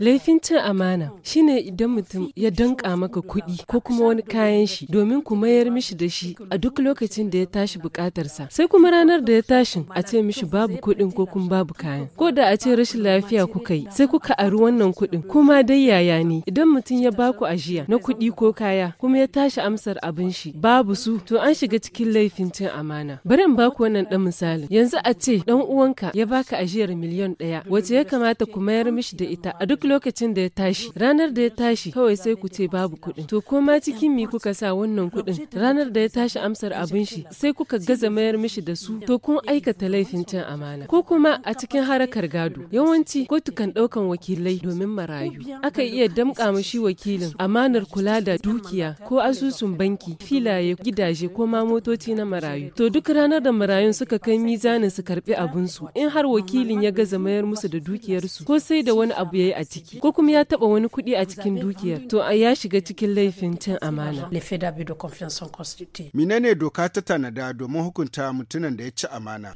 Laifin cin amana shine idan mutum ya danka maka kuɗi ko kuma wani kayan shi domin ku mayar mishi da shi a duk lokacin da ya tashi bukatarsa. Sai kuma ranar da ya tashi a ce mishi babu kuɗin ko kuma babu kayan. Ko da a ce rashin lafiya kuka yi sai kuka ari wannan kuɗin kuma dai yaya ne idan mutum ya baku ajiya na kuɗi ko kaya kuma ya tashi amsar abin shi babu su to an shiga cikin laifin cin amana. Bari in baku wannan dan misali yanzu a ce ɗan uwanka ya baka ajiyar miliyan ɗaya wace ya kamata ku mayar mishi mishi da ita a duk lokacin da ya tashi ranar da ya tashi kawai sai ku ce babu kuɗin to ko ma cikin mi kuka sa wannan kuɗin ranar da ya tashi amsar abin shi sai kuka gaza mayar mishi da su to kun aikata laifin cin amana ko kuma a cikin harakar gado yawanci kotu kan ɗaukan wakilai domin marayu aka iya damƙa mashi wakilin amanar kula da dukiya ko asusun banki filaye gidaje ko ma motoci na marayu to duk ranar da marayun suka kai mizanin su karbi su in har wakilin ya gaza mayar musu da dukiyarsu ko sai da da wani abu ya yi a ciki ko kuma ya taba wani kuɗi a cikin dukiyar to a ya shiga cikin laifin cin amana. ne doka ta tanada domin hukunta mutumin da ya ci amana?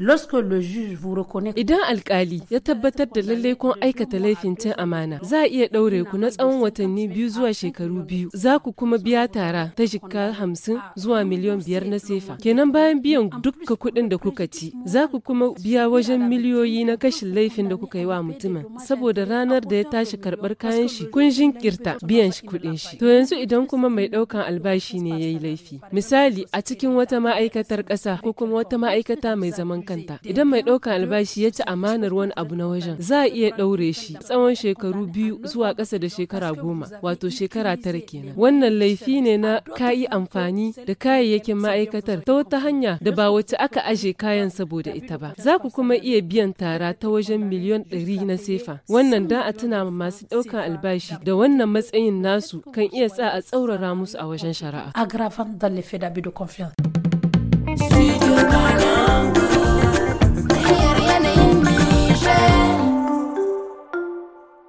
Idan alkali ya tabbatar da lallai kun aikata laifin cin amana za a iya ɗaure ku na tsawon watanni biyu zuwa shekaru biyu za ku kuma biya tara ta shika hamsin zuwa miliyan biyar na sefa kenan bayan biyan dukka kuɗin da kuka ci za ku kuma biya wajen miliyoyi na kashin laifin da kuka yi wa mutumin saboda da ranar da ya tashi karɓar kayan shi kun jinkirta biyan shi kuɗin shi to yanzu idan kuma mai ɗaukan albashi ne ya yi laifi misali a cikin wata ma'aikatar ƙasa ko kuma wata ma'aikata mai zaman kanta idan mai ɗaukan albashi ya ci amanar wani abu na wajen za a iya ɗaure shi tsawon shekaru biyu zuwa ƙasa da shekara goma wato shekara tara kenan wannan laifi ne na kayi amfani da kayayyakin ma'aikatar ta wata hanya da ba wacce aka aje kayan saboda ita ba za ku kuma iya biyan tara ta wajen miliyon ɗari na sefa wannan da a tuna masu ɗaukan albashi da wannan matsayin nasu kan iya sa a tsaurara musu a wajen shari'a. da dans da d'abus de confiance.